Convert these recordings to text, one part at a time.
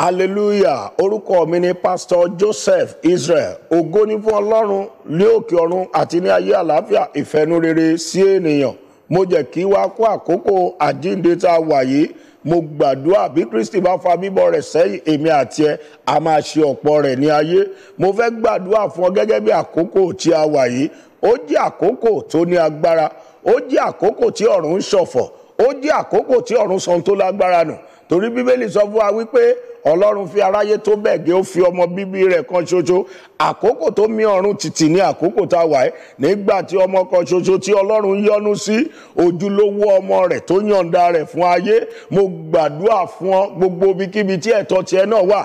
hallelujah orúkọ mi ni pastor joseph israel ògo ni fún ọlọ́run ní òkè ọ̀run àti ní ayé àlàáfíà ìfẹ́nurere sí ènìyàn mo jẹ́ kí wá kó àkókò àjíǹde tá a wà yìí mo gbàdúrà bí kristi bá fa bíbọ̀ rẹ̀ sẹ́yìn èmi àti ẹ a máa ṣe ọ̀pọ̀ rẹ̀ ní ayé mo fẹ́ gbàdúrà fún ọ gẹ́gẹ́ bí àkókò tí a wà yìí ó jẹ́ àkókò tó ní agbára ó jẹ́ àkókò tí ọ̀run ń ṣọ̀fọ̀ ó jẹ́ àkókò tí ọ̀run sọ tó lágbára nù no torí bíbélì sọ fún wa wípé ọlọ́run fi aráyé tó bẹ́ẹ̀ gé ó fi ọmọ bíbí rẹ̀ kan ṣoṣo àkókò tó mì ọ̀run tìtì ní àkókò tá a wà ẹ́ nígbà tí ọmọ kan ṣoṣo tí ọlọ́run yọ́nú sí ojúlówó ọmọ rẹ̀ tó yọ̀ǹda rẹ̀ fún ayé mo gbàdúrà fún ọ gbogbo ibikíbi tí ẹ̀tọ́ tiẹ̀ náà wà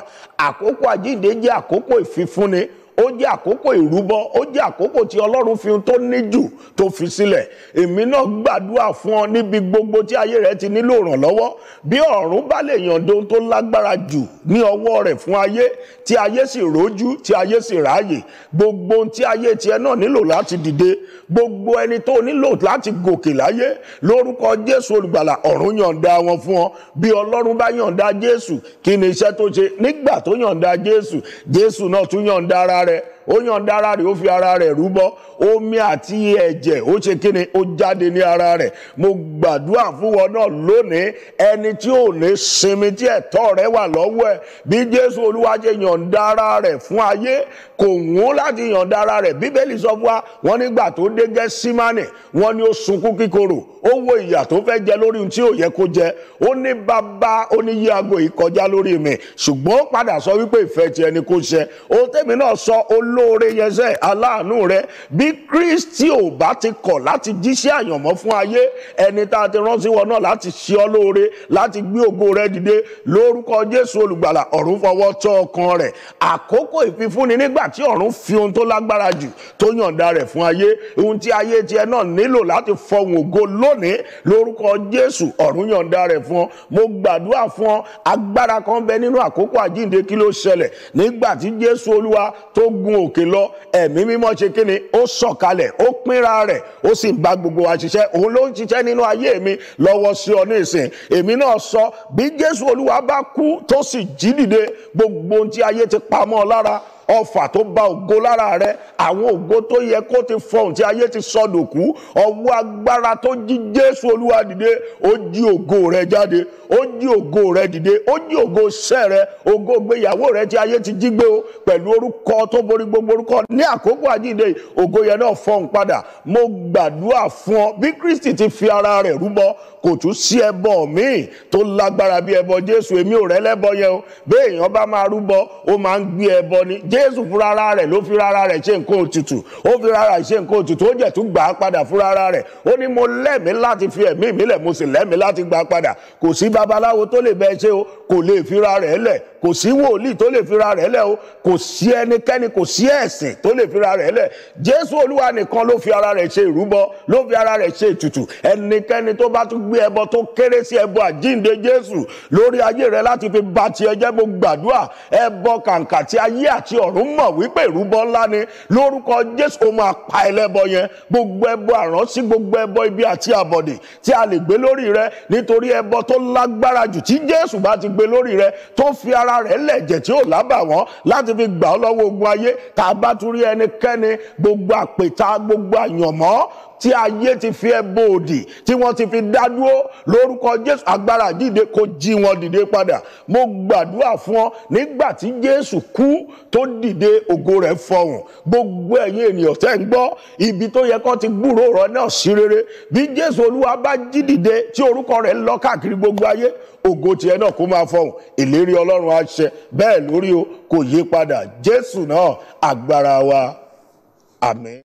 àkókò àjíǹde jẹ́ àkókò ìfifúnni ó jẹ́ àkókò ìrúbọ ó jẹ́ àkókò tí ọlọ́run fi tó ní jù tó fi sílẹ̀ èmi náà gbàdúrà fún ọ níbi gbogbo tí ayé rẹ ti nílò ìrànlọ́wọ́ bí ọ̀run bá lè yàn dohun tó lágbára jù ní ọwọ́ rẹ̀ fún ayé tí ayé sì rójú tí ayé sì ráàyè gbogbo tí ayé tiẹ̀ náà nílò láti dìde gbogbo ẹni tó nílò láti gòkè láyé lórúkọ jésù olùgbàlà ọ̀run yọ̀ǹda wọn fún ọ bí ọlọ́run bá yọ̀ǹda jésù kí ni iṣẹ́ tó ṣe nígbà tó yọ̀ǹda jésù jésù náà tún yọ̀ǹda ara れ ó yàn dára rẹ̀ ó fi ara rẹ̀ rúbọ omi àti ẹ̀jẹ̀ ó ṣe kíni ó jáde ní ara rẹ̀ mo gbàdúrà fún wọn náà lónìí ẹni tí ò ní sinmi tí ẹ̀tọ́ rẹ̀ wà lọ́wọ́ ẹ̀ bí Jésù Olúwa ṣe yàn dára rẹ̀ fún ayé kò wọ́n láti yàn dára rẹ̀ Bíbélì sọ fún wa wọ́n nígbà tó dé Gẹ́símánì wọ́n ní ó sunkún kíkorò ó wo ìyà tó fẹ́ jẹ lórí ohun tí ò yẹ kó jẹ ó ní bàbá ó ní yí aago yìí kọjá lórí mi ṣùgbọ́n ó padà sọ wípé ìfẹ́ tiẹ̀ ni kò ṣe olóore yẹn sẹ́ aláàánú rẹ bí Kristi ò bá ti kọ̀ láti jíṣẹ́ àyànmọ́ fún ayé ẹni tá a ti rán sí wọn náà láti ṣe ọ́ lóore láti gbé ògo rẹ dìde lórúkọ Jésù olùgbàlà ọ̀run fọwọ́ tọ́ ọkàn rẹ̀ àkókò ìfifúnni nígbà tí ọ̀run fi ohun tó lágbára jù tó yọ̀ǹda rẹ̀ fún ayé ohun tí ayé tiẹ̀ náà nílò láti fọhùn ògo lónìí lórúkọ Jésù ọ̀run yọ̀ǹda rẹ̀ fún ọ mo gbàdúrà fún ọ agbára kan bẹ nínú àkókò àjíǹde kí ló ṣẹlẹ̀ nígbà tí Jésù olúwa tó gun òkè lọ ẹ̀mí mímọ́ ṣe kí ni ó sọ̀kalẹ̀ ó pínra rẹ̀ ó sì ń bá gbogbo wa ṣiṣẹ́ òun ló ń ṣiṣẹ́ nínú ayé mi lọ́wọ́ sí ọ ní ìsìn èmi náà sọ bí Jésù Olúwa bá kú tó sì jí dìde gbogbo ohun tí ayé ti pamọ́ lára ọfà tó bá ògo lára rẹ àwọn ògo tó yẹ kó ti fọhùn tí ayé ti sọdòkú ọwọ́ agbára tó jí Jésù Olúwa dìde ó jí ògo rẹ jáde ó jí ògo rẹ dìde ó jí ògo sẹ rẹ ògo gbéyàwó rẹ tí ayé ti jí gbé o pẹ̀lú orúkọ tó borí gbogbo orúkọ ní àkókò àjíǹde ògo yẹn náà fọhùn padà mo gbàdúrà fún ọ bí Kristi ti fi ara rẹ rúbọ kò tún sí ẹbọ míì tó lágbára bí ẹbọ Jésù èmi ò rẹ́lẹ́bọ yẹn o bẹ́ẹ̀ jésù fúnra rẹ̀ ló fi rárá rẹ̀ ṣe nǹkan òtútù ó fi rárá ṣe nǹkan òtútù ó jẹ̀ tún gbà á padà fúnra rẹ̀ ó ní mo lẹ́mí láti fi ẹ̀mí mi lẹ̀ mo sì lẹ́mí láti gbà á padà kò sí babaláwo tó lè bẹ ṣe o kò lè fira rẹ̀ lẹ̀ kò sí wòlíì tó lè fira rẹ̀ lẹ̀ o kò sí ẹnikẹ́ni kò sí ẹ̀sìn tó lè fira rẹ̀ lẹ̀ jésù olúwa nìkan ló fi ara rẹ̀ ṣe ìrúbọ ló fi ara rẹ̀ ṣe ètùtù ẹnikẹ́ni tó bá tún gbé ẹbọ tó kéré sí ẹbọ àjíǹde jésù lórí ayé rẹ láti fi ba tiẹ̀ jẹ́ mo gbàdúrà ẹbọ kàǹkà tí ayé àti ọ̀run mọ̀ wípé ìrúbọ ńlá ni lórúkọ jésù ó máa pa ẹlẹ́bọ yẹn gbogbo ẹbọ àránsí gbogbo ẹbọ ibi àti àbọ̀dè tí a lè gbé lórí rẹ nítorí ẹbọ tó lágbára jù tí jésù bá ti gbé lórí rẹ tó fi ara ara rẹ̀ lẹ̀jẹ̀ tí ò lábà wọ́n láti fi gbà ọ́ lọ́wọ́ ogun ayé tá a bá tún rí ẹnikẹ́ni gbogbo àpèta gbogbo àyànmọ́ tí ayé ti fi ẹbọ òdì tí wọ́n ti fi dádúró lórúkọ Jésù agbára jíde kó jí wọn dìde padà mo gbàdúrà fún ọ nígbà tí Jésù kú tó dìde ògo rẹ̀ fọhùn gbogbo ẹ̀yin ènìyàn tẹ́ ń gbọ́ ibi tó yẹ kó ti gbúròó rọ náà sí rere bí Jésù Olúwa bá jí dìde tí orúkọ rẹ̀ lọ káàkiri gbogbo ayé ògo tiẹ̀ náà kó máa fọhùn ìlérí Ọlọ́run á ṣẹ bẹ́ẹ̀ lórí o kò yí padà Jésù náà agbára wa Amen.